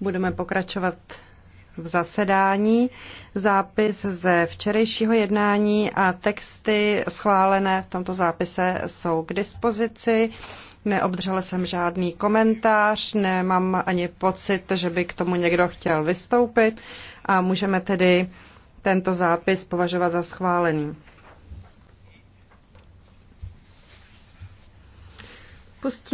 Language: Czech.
Budeme pokračovat v zasedání. Zápis ze včerejšího jednání a texty schválené v tomto zápise jsou k dispozici. Neobdržela jsem žádný komentář, nemám ani pocit, že by k tomu někdo chtěl vystoupit a můžeme tedy tento zápis považovat za schválený. Pustíme